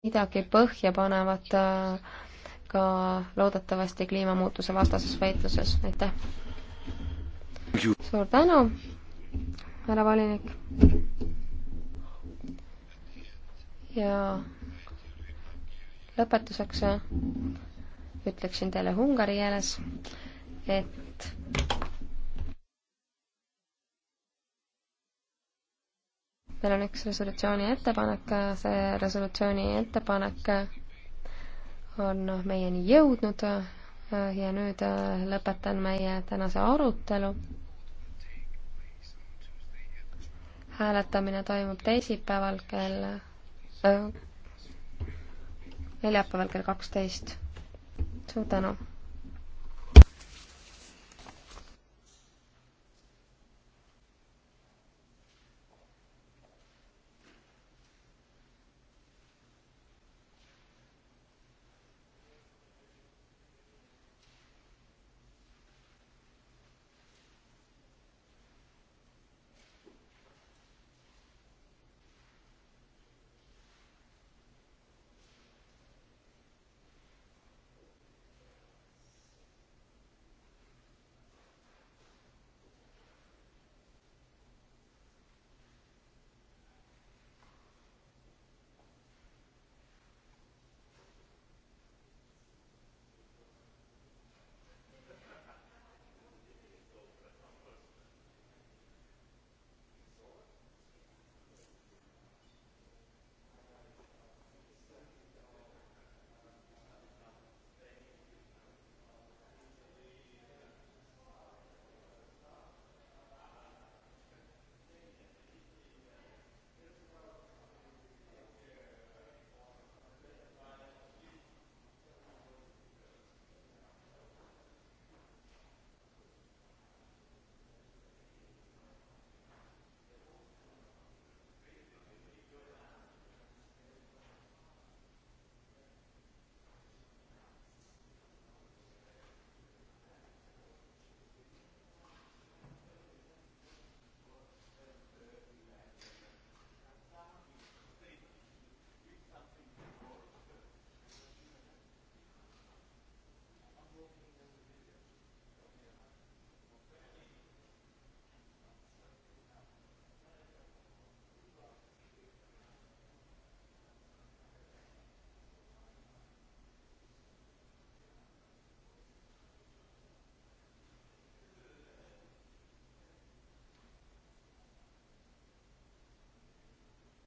midagi põhja panevat äh, ka loodetavasti kliimamuutuse vastases võitluses, aitäh! suur tänu, härra volinik! ja lõpetuseks äh, ütleksin teile ungari keeles, et meil on üks resolutsiooni ettepanek, see resolutsiooni ettepanek on meieni jõudnud ja nüüd lõpetan meie tänase arutelu. hääletamine toimub teisipäeval kell äh,, neljapäeval kell kaksteist. suur tänu!